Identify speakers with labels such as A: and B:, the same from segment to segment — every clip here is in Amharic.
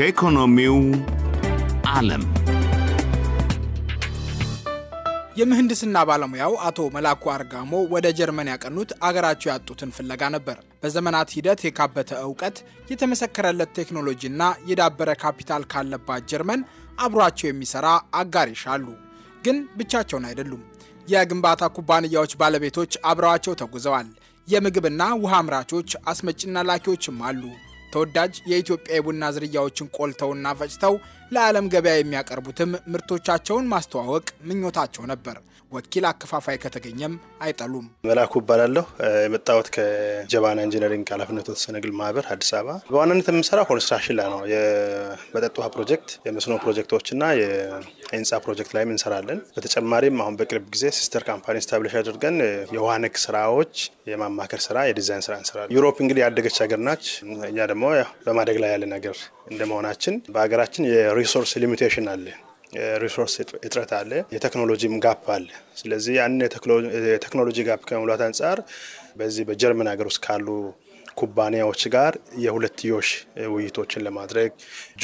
A: ከኢኮኖሚው
B: ዓለም
C: የምህንድስና ባለሙያው አቶ መላኩ አርጋሞ ወደ ጀርመን ያቀኑት አገራቸው ያጡትን ፍለጋ ነበር። በዘመናት ሂደት የካበተ እውቀት፣ የተመሰከረለት ቴክኖሎጂና የዳበረ ካፒታል ካለባት ጀርመን አብሯቸው የሚሰራ አጋር ይሻሉ። ግን ብቻቸውን አይደሉም። የግንባታ ኩባንያዎች ባለቤቶች አብረዋቸው ተጉዘዋል። የምግብና ውሃ አምራቾች፣ አስመጭና ላኪዎችም አሉ። ተወዳጅ የኢትዮጵያ የቡና ዝርያዎችን ቆልተውና ፈጭተው ለዓለም ገበያ የሚያቀርቡትም ምርቶቻቸውን ማስተዋወቅ ምኞታቸው ነበር። ወኪል አከፋፋይ ከተገኘም አይጠሉም።
A: መላኩ እባላለሁ። የመጣሁት ከጀባና ኢንጂነሪንግ ኃላፊነት የተወሰነ ግል ማህበር አዲስ አበባ። በዋናነት የምሰራው ኮንስትራክሽን ላይ ነው። የመጠጥ ውሃ ፕሮጀክት፣ የመስኖ ፕሮጀክቶችና የህንፃ ፕሮጀክት ላይም እንሰራለን። በተጨማሪም አሁን በቅርብ ጊዜ ሲስተር ካምፓኒ ስታብሊሽ አድርገን የውሃ ነክ ስራዎች፣ የማማከር ስራ፣ የዲዛይን ስራ እንሰራለን። ዩሮፕ እንግዲህ ያደገች ሀገር ናች። እኛ ደግሞ በማደግ ላይ ያለን ሀገር እንደመሆናችን በሀገራችን ሪሶርስ ሊሚቴሽን አለ፣ ሪሶርስ እጥረት አለ፣ የቴክኖሎጂም ጋፕ አለ። ስለዚህ ያንን የቴክኖሎጂ ጋፕ ከመሙላት አንጻር በዚህ በጀርመን ሀገር ውስጥ ካሉ ኩባንያዎች ጋር የሁለትዮሽ ውይይቶችን ለማድረግ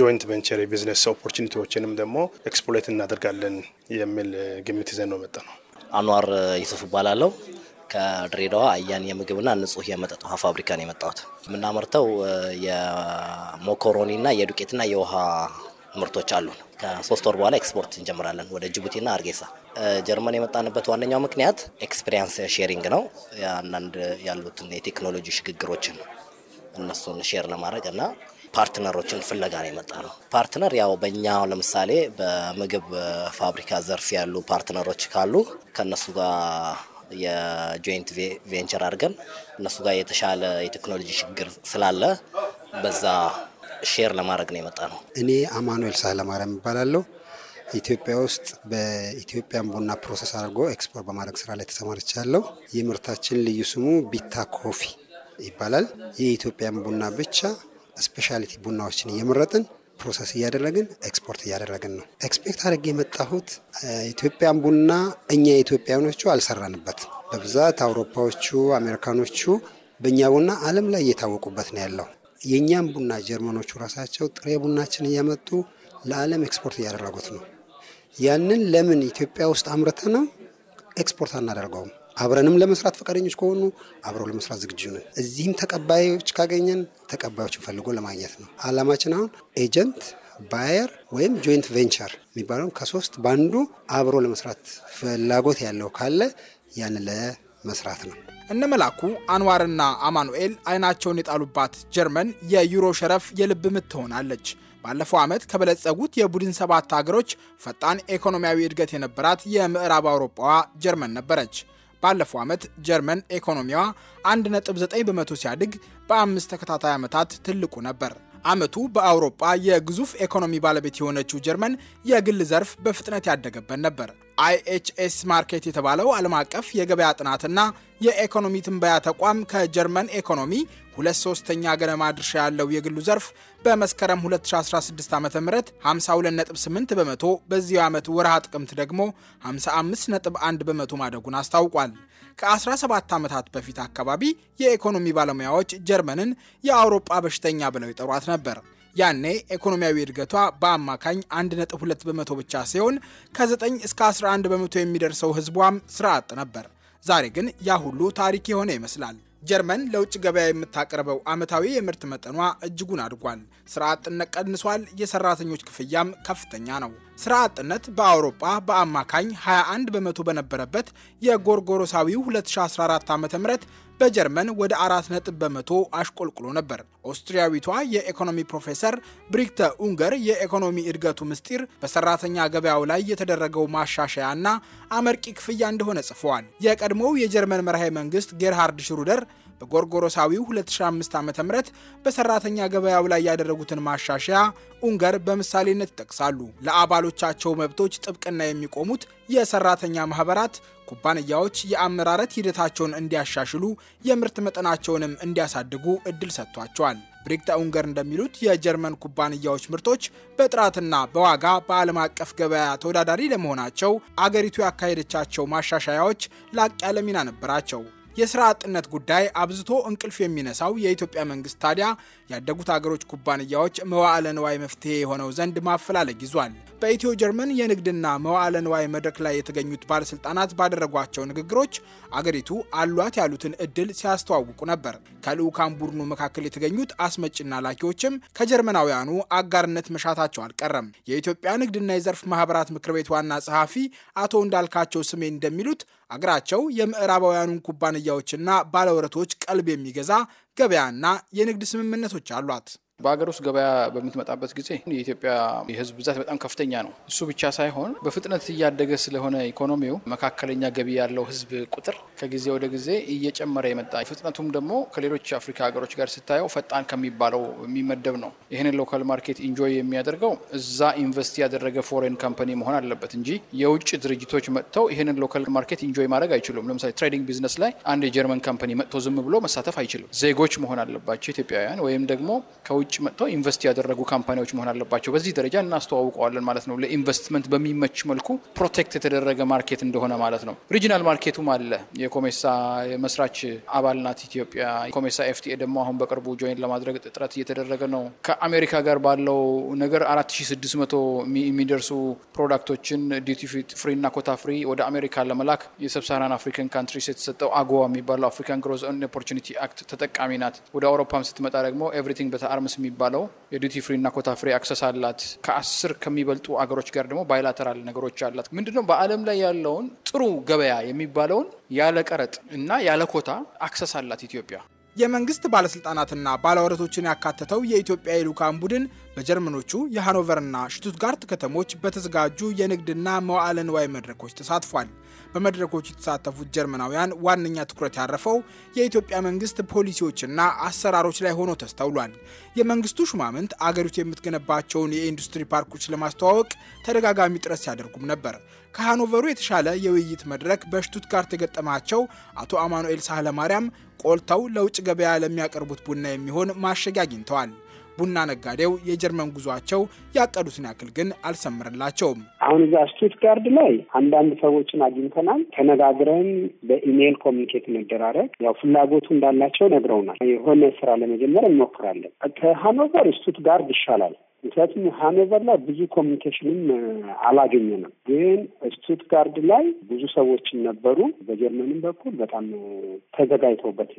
A: ጆይንት ቬንቸር የቢዝነስ ኦፖርቹኒቲዎችንም ደግሞ ኤክስፕሎይት እናደርጋለን የሚል ግምት ይዘን ነው መጣ ነው።
C: አኗር ይሱፍ እባላለሁ። ከድሬዳዋ አያን የምግብና ንጹህ የመጠጥ ውሃ ፋብሪካ ነው የመጣሁት። የምናመርተው የሞኮሮኒና የዱቄትና የውሃ ምርቶች አሉን። ከሶስት ወር በኋላ ኤክስፖርት እንጀምራለን ወደ ጅቡቲና አርጌሳ። ጀርመን የመጣንበት ዋነኛው ምክንያት ኤክስፔሪንስ ሼሪንግ ነው። አንዳንድ ያሉትን የቴክኖሎጂ ሽግግሮችን እነሱን ሼር ለማድረግ እና ፓርትነሮችን ፍለጋ ነው የመጣ ነው። ፓርትነር ያው በእኛ ለምሳሌ በምግብ ፋብሪካ ዘርፍ ያሉ ፓርትነሮች ካሉ ከእነሱ ጋር የጆይንት ቬንቸር አድርገን እነሱ ጋር የተሻለ የቴክኖሎጂ ሽግግር ስላለ በዛ ሼር ለማድረግ ነው የመጣ ነው። እኔ አማኑኤል ሳህለማርያም እባላለሁ። ኢትዮጵያ ውስጥ በኢትዮጵያን ቡና ፕሮሰስ አድርጎ ኤክስፖርት በማድረግ ስራ ላይ ተሰማርቻለሁ። የምርታችን ልዩ ስሙ ቢታ ኮፊ ይባላል። የኢትዮጵያን ቡና ብቻ ስፔሻሊቲ ቡናዎችን እየመረጥን ፕሮሰስ እያደረግን ኤክስፖርት እያደረግን ነው። ኤክስፔክት አድርግ የመጣሁት ኢትዮጵያን ቡና እኛ ኢትዮጵያኖቹ አልሰራንበት። በብዛት አውሮፓዎቹ፣ አሜሪካኖቹ በእኛ ቡና አለም ላይ እየታወቁበት ነው ያለው የእኛም ቡና ጀርመኖቹ ራሳቸው ጥሬ ቡናችን እያመጡ ለዓለም ኤክስፖርት እያደረጉት ነው። ያንን ለምን ኢትዮጵያ ውስጥ አምርተ ነው ኤክስፖርት አናደርገውም? አብረንም ለመስራት ፈቃደኞች ከሆኑ አብረው ለመስራት ዝግጁ ነን። እዚህም ተቀባዮች ካገኘን ተቀባዮችን ፈልጎ ለማግኘት ነው አላማችን። አሁን ኤጀንት ባየር ወይም ጆይንት ቬንቸር የሚባለው ከሶስት በአንዱ አብሮ ለመስራት ፍላጎት ያለው ካለ ያን መስራት ነው። እነ መላኩ አንዋርና አማኑኤል አይናቸውን የጣሉባት ጀርመን የዩሮ ሸረፍ የልብ ምት ትሆናለች። ባለፈው ዓመት ከበለጸጉት የቡድን ሰባት አገሮች ፈጣን ኢኮኖሚያዊ እድገት የነበራት የምዕራብ አውሮፓዋ ጀርመን ነበረች። ባለፈው ዓመት ጀርመን ኢኮኖሚዋ 1.9 በመቶ ሲያድግ በአምስት ተከታታይ ዓመታት ትልቁ ነበር። ዓመቱ በአውሮፓ የግዙፍ ኢኮኖሚ ባለቤት የሆነችው ጀርመን የግል ዘርፍ በፍጥነት ያደገበት ነበር። አይኤችኤስ ማርኬት የተባለው ዓለም አቀፍ የገበያ ጥናትና የኢኮኖሚ ትንበያ ተቋም ከጀርመን ኢኮኖሚ ሁለት ሶስተኛ ገደማ ድርሻ ያለው የግሉ ዘርፍ በመስከረም 2016 ዓ ም 52.8 በመቶ በዚሁ ዓመት ወርሃ ጥቅምት ደግሞ 55.1 በመቶ ማደጉን አስታውቋል። ከ17 ዓመታት በፊት አካባቢ የኢኮኖሚ ባለሙያዎች ጀርመንን የአውሮጳ በሽተኛ ብለው ይጠሯት ነበር። ያኔ ኢኮኖሚያዊ እድገቷ በአማካኝ 1.2 በመቶ ብቻ ሲሆን ከ9 እስከ 11 በመቶ የሚደርሰው ህዝቧም ስራ አጥ ነበር። ዛሬ ግን ያ ሁሉ ታሪክ የሆነ ይመስላል። ጀርመን ለውጭ ገበያ የምታቀርበው ዓመታዊ የምርት መጠኗ እጅጉን አድጓል። ስራ አጥነት ቀንሷል። የሰራተኞች ክፍያም ከፍተኛ ነው። ስራ አጥነት በአውሮፓ በአማካኝ 21 በመቶ በነበረበት የጎርጎሮሳዊው 2014 ዓ ም በጀርመን ወደ አራት ነጥብ በመቶ አሽቆልቁሎ ነበር። ኦስትሪያዊቷ የኢኮኖሚ ፕሮፌሰር ብሪክተ ኡንገር የኢኮኖሚ እድገቱ ምስጢር በሰራተኛ ገበያው ላይ የተደረገው ማሻሻያና አመርቂ ክፍያ እንደሆነ ጽፈዋል። የቀድሞው የጀርመን መርሃዊ መንግስት ጌርሃርድ ሽሩደር በጎርጎሮሳዊው 2005 ዓ ም በሰራተኛ ገበያው ላይ ያደረጉትን ማሻሻያ ኡንገር በምሳሌነት ይጠቅሳሉ። ለአባሎቻቸው መብቶች ጥብቅና የሚቆሙት የሰራተኛ ማህበራት ኩባንያዎች የአመራረት ሂደታቸውን እንዲያሻሽሉ የምርት መጠናቸውንም እንዲያሳድጉ እድል ሰጥቷቸዋል። ብሪክታ ኡንገር እንደሚሉት የጀርመን ኩባንያዎች ምርቶች በጥራትና በዋጋ በዓለም አቀፍ ገበያ ተወዳዳሪ ለመሆናቸው አገሪቱ ያካሄደቻቸው ማሻሻያዎች ላቅ ያለ ሚና ነበራቸው። የስራ አጥነት ጉዳይ አብዝቶ እንቅልፍ የሚነሳው የኢትዮጵያ መንግስት ታዲያ ያደጉት አገሮች ኩባንያዎች መዋዕለ ንዋይ መፍትሄ የሆነው ዘንድ ማፈላለግ ይዟል። በኢትዮ ጀርመን የንግድና መዋዕለ ንዋይ መድረክ ላይ የተገኙት ባለስልጣናት ባደረጓቸው ንግግሮች አገሪቱ አሏት ያሉትን እድል ሲያስተዋውቁ ነበር። ከልዑካን ቡድኑ መካከል የተገኙት አስመጭና ላኪዎችም ከጀርመናውያኑ አጋርነት መሻታቸው አልቀረም። የኢትዮጵያ ንግድና የዘርፍ ማህበራት ምክር ቤት ዋና ጸሐፊ አቶ እንዳልካቸው ስሜ እንደሚሉት አገራቸው የምዕራባውያኑን ኩባንያዎችና ባለውረቶች ቀልብ የሚገዛ ገበያና
B: የንግድ ስምምነቶች አሏት። በሀገር ውስጥ ገበያ በምትመጣበት ጊዜ የኢትዮጵያ የሕዝብ ብዛት በጣም ከፍተኛ ነው። እሱ ብቻ ሳይሆን በፍጥነት እያደገ ስለሆነ ኢኮኖሚው መካከለኛ ገቢ ያለው ሕዝብ ቁጥር ከጊዜ ወደ ጊዜ እየጨመረ የመጣ ፍጥነቱም ደግሞ ከሌሎች የአፍሪካ ሀገሮች ጋር ስታየው ፈጣን ከሚባለው የሚመደብ ነው። ይህንን ሎካል ማርኬት ኢንጆይ የሚያደርገው እዛ ኢንቨስት ያደረገ ፎሬን ካምፓኒ መሆን አለበት እንጂ የውጭ ድርጅቶች መጥተው ይህንን ሎካል ማርኬት ኢንጆይ ማድረግ አይችሉም። ለምሳሌ ትሬዲንግ ቢዝነስ ላይ አንድ የጀርመን ካምፓኒ መጥቶ ዝም ብሎ መሳተፍ አይችልም። ዜጎች መሆን አለባቸው ኢትዮጵያውያን፣ ወይም ደግሞ ከውጭ መጥተው ኢንቨስት ያደረጉ ካምፓኒዎች መሆን አለባቸው። በዚህ ደረጃ እናስተዋውቀዋለን ማለት ነው። ለኢንቨስትመንት በሚመች መልኩ ፕሮቴክት የተደረገ ማርኬት እንደሆነ ማለት ነው። ሪጂናል ማርኬቱም አለ የኮሜሳ የመስራች አባል ናት ኢትዮጵያ። ኮሜሳ ኤፍቲኤ ደግሞ አሁን በቅርቡ ጆይን ለማድረግ ጥረት እየተደረገ ነው። ከአሜሪካ ጋር ባለው ነገር 4600 የሚደርሱ ፕሮዳክቶችን ዲቲ እና ኮታ ፍሪ ወደ አሜሪካ ለመላክ የሰብሳራን አፍሪካን ካንትሪስ የተሰጠው አጎዋ የሚባለው አፍሪካን ግሮዝ ኦፖርቹኒቲ አክት ተጠቃሚ ናት። ወደ አውሮፓም ስትመጣ ደግሞ ኤቭሪቲንግ በተአርምስ የሚባለው የዲቲ እና ኮታ ፍሪ አክሰስ አላት። ከአስር ከሚበልጡ አገሮች ጋር ደግሞ ባይላተራል ነገሮች አላት። ምንድነው በዓለም ላይ ያለውን ጥሩ ገበያ የሚባለውን ያለ ቀረጥ እና ያለ ኮታ አክሰስ አላት ኢትዮጵያ። የመንግስት ባለስልጣናትና
C: ባለወረቶችን ያካተተው የኢትዮጵያ የልዑካን ቡድን በጀርመኖቹ የሃኖቨርና ሽቱትጋርት ከተሞች በተዘጋጁ የንግድና መዋዕለ ንዋይ መድረኮች ተሳትፏል። በመድረኮች የተሳተፉት ጀርመናውያን ዋነኛ ትኩረት ያረፈው የኢትዮጵያ መንግስት ፖሊሲዎችና አሰራሮች ላይ ሆኖ ተስተውሏል። የመንግስቱ ሹማምንት አገሪቱ የምትገነባቸውን የኢንዱስትሪ ፓርኮች ለማስተዋወቅ ተደጋጋሚ ጥረት ሲያደርጉም ነበር። ከሃኖቨሩ የተሻለ የውይይት መድረክ በሽቱትጋርት የገጠማቸው አቶ አማኑኤል ሳህለማርያም ቆልተው ለውጭ ገበያ ለሚያቀርቡት ቡና የሚሆን ማሸጊያ አግኝተዋል። ቡና ነጋዴው የጀርመን ጉዟቸው ያቀዱትን ያክል ግን አልሰምርላቸውም። አሁን እዛ ስቱትጋርድ ላይ አንዳንድ ሰዎችን አግኝተናል። ተነጋግረን በኢሜይል ኮሚኒኬት መደራረግ፣ ያው ፍላጎቱ እንዳላቸው ነግረውናል። የሆነ ስራ ለመጀመር እንሞክራለን። ከሃኖቨር ስቱትጋርድ ይሻላል። ምክንያቱም ሀኖቨር ላይ ብዙ ኮሚኒኬሽንም አላገኘንም። ግን ስቱትጋርድ ላይ ብዙ ሰዎችን ነበሩ። በጀርመንም በኩል በጣም ተዘጋጅተውበት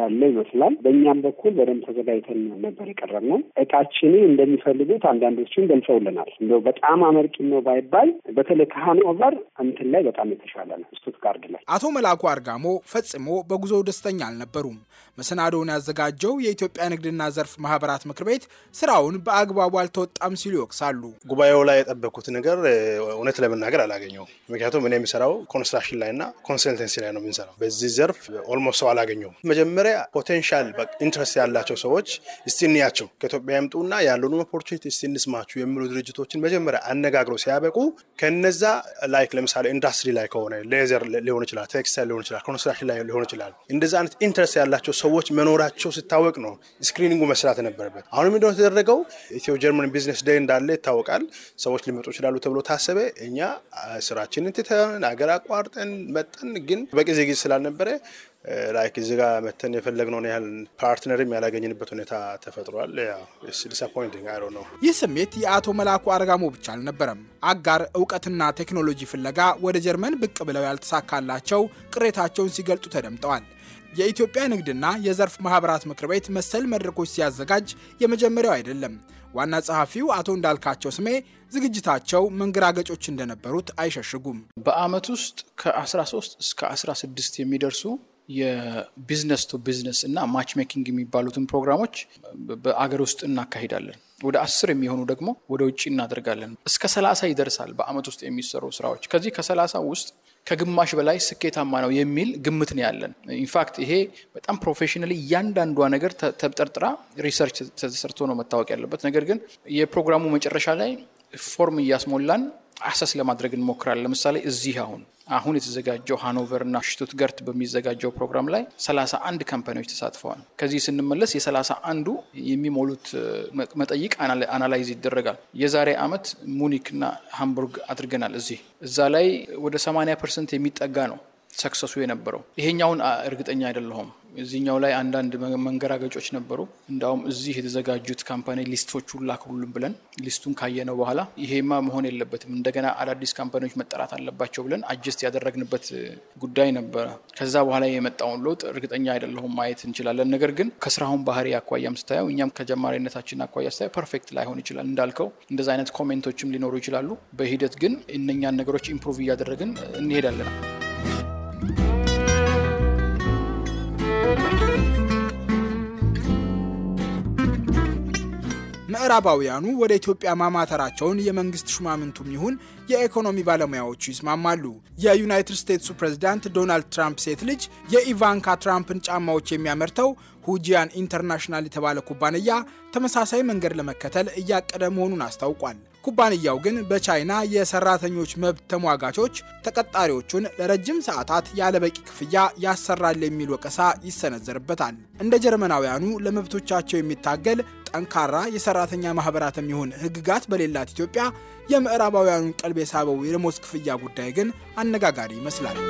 C: ያለ ይመስላል። በእኛም በኩል በደንብ ተዘጋጅተን ነበር የቀረብ ነው። እቃችን እንደሚፈልጉት አንዳንዶችን ገልጸውልናል። እንደው በጣም አመርቂ ነው ባይባል በተለይ ከሀኖቨር እንትን ላይ በጣም የተሻለ ነው ስቱትጋርድ ላይ። አቶ መላኩ አርጋሞ ፈጽሞ በጉዞው ደስተኛ አልነበሩም። መሰናዶውን ያዘጋጀው የኢትዮጵያ ንግድና ዘርፍ ማህበራት ምክር ቤት ስራውን በአግባቡ አልተወጣም ሲሉ ይወቅሳሉ። ጉባኤው
A: ላይ የጠበኩት ነገር እውነት ለመናገር አላገኘው ምክንያቱም እኔ የሚሰራው ኮንስትራክሽን ላይና ኮንሰልተንሲ ላይ ነው የምንሰራው። በዚህ ዘርፍ ኦልሞስት ሰው አላገኘው መጀመሪያ ፖቴንሻል ኢንትረስት ያላቸው ሰዎች እስቲ እንያቸው፣ ከኢትዮጵያ ያምጡና ያለውን ኦፖርቹኒቲ እስቲ እንስማችሁ የሚሉ ድርጅቶችን መጀመሪያ አነጋግረው ሲያበቁ ከነዛ ላይክ ለምሳሌ ኢንዱስትሪ ላይ ከሆነ ሌዘር ሊሆን ይችላል፣ ቴክስታይል ሊሆን ይችላል፣ ኮንስትራክሽን ላይ ሊሆን ይችላል። እንደዚ አይነት ኢንትረስት ያላቸው ሰዎች መኖራቸው ሲታወቅ ነው ስክሪኒንጉ መስራት ነበረበት። አሁንም እንደሆነ የተደረገው ኢትዮ የጀርመን ቢዝነስ ዴይ እንዳለ ይታወቃል። ሰዎች ሊመጡ ይችላሉ ተብሎ ታሰበ። እኛ ስራችንን ትተን አገር አቋርጠን መጠን ግን በቂ ዝግጅት ስላልነበረ ላይክ እዚህ ጋር መተን የፈለግነውን ያህል ፓርትነርም ያላገኝንበት ሁኔታ ተፈጥሯል። ዲስአፖይንቲንግ አይ ነው።
C: ይህ ስሜት የአቶ መላኩ አርጋሞ ብቻ አልነበረም። አጋር እውቀትና ቴክኖሎጂ ፍለጋ ወደ ጀርመን ብቅ ብለው ያልተሳካላቸው ቅሬታቸውን ሲገልጡ ተደምጠዋል። የኢትዮጵያ ንግድና የዘርፍ ማህበራት ምክር ቤት መሰል መድረኮች ሲያዘጋጅ የመጀመሪያው አይደለም። ዋና ጸሐፊው አቶ እንዳልካቸው ስሜ
B: ዝግጅታቸው መንገራገጮች እንደነበሩት አይሸሽጉም። በአመት ውስጥ ከ13 እስከ 16 የሚደርሱ የቢዝነስ ቱ ቢዝነስ እና ማች ሜኪንግ የሚባሉትን ፕሮግራሞች በአገር ውስጥ እናካሂዳለን። ወደ አስር የሚሆኑ ደግሞ ወደ ውጭ እናደርጋለን። እስከ ሰላሳ ይደርሳል በአመት ውስጥ የሚሰሩ ስራዎች። ከዚህ ከሰላሳ ውስጥ ከግማሽ በላይ ስኬታማ ነው የሚል ግምት ነው ያለን። ኢንፋክት ይሄ በጣም ፕሮፌሽናሊ እያንዳንዷ ነገር ተብጠርጥራ ሪሰርች ተሰርቶ ነው መታወቅ ያለበት። ነገር ግን የፕሮግራሙ መጨረሻ ላይ ፎርም እያስሞላን አሰስ ለማድረግ እንሞክራለን። ለምሳሌ እዚህ አሁን አሁን የተዘጋጀው ሃኖቨር ና ሽቱትገርት በሚዘጋጀው ፕሮግራም ላይ 31 ካምፓኒዎች ተሳትፈዋል። ከዚህ ስንመለስ የ 31 የሚሞሉት መጠይቅ አናላይዝ ይደረጋል። የዛሬ ዓመት ና ሃምቡርግ አድርገናል። እዚህ እዛ ላይ ወደ 80 ፐርሰንት የሚጠጋ ነው ሰክሰሱ የነበረው። ይሄኛውን እርግጠኛ አይደለሁም እዚኛው ላይ አንዳንድ መንገራገጮች ነበሩ። እንዳውም እዚህ የተዘጋጁት ካምፓኒ ሊስቶች ላክሉልን ብለን ሊስቱን ካየነው በኋላ ይሄማ መሆን የለበትም እንደገና አዳዲስ ካምፓኒዎች መጠራት አለባቸው ብለን አጀስት ያደረግንበት ጉዳይ ነበረ። ከዛ በኋላ የመጣውን ለውጥ እርግጠኛ አይደለሁም ማየት እንችላለን። ነገር ግን ከስራውን ባህሪ አኳያም ስታየው እኛም ከጀማሪነታችን አኳያ ስታየው ፐርፌክት ላይሆን ይችላል። እንዳልከው እንደዚ አይነት ኮሜንቶችም ሊኖሩ ይችላሉ። በሂደት ግን እነኛን ነገሮች ኢምፕሩቭ እያደረግን እንሄዳለን።
C: ምዕራባውያኑ ወደ ኢትዮጵያ ማማተራቸውን የመንግስት ሹማምንቱም ይሁን የኢኮኖሚ ባለሙያዎቹ ይስማማሉ። የዩናይትድ ስቴትሱ ፕሬዝዳንት ዶናልድ ትራምፕ ሴት ልጅ የኢቫንካ ትራምፕን ጫማዎች የሚያመርተው ሁጂያን ኢንተርናሽናል የተባለ ኩባንያ ተመሳሳይ መንገድ ለመከተል እያቀደ መሆኑን አስታውቋል። ኩባንያው ግን በቻይና የሰራተኞች መብት ተሟጋቾች ተቀጣሪዎቹን ለረጅም ሰዓታት ያለበቂ ክፍያ ያሰራል የሚል ወቀሳ ይሰነዘርበታል። እንደ ጀርመናውያኑ ለመብቶቻቸው የሚታገል ጠንካራ የሰራተኛ ማህበራት የሚሆን ህግጋት በሌላት ኢትዮጵያ የምዕራባውያኑን ቀልብ የሳበው የደሞዝ ክፍያ ጉዳይ ግን አነጋጋሪ ይመስላል።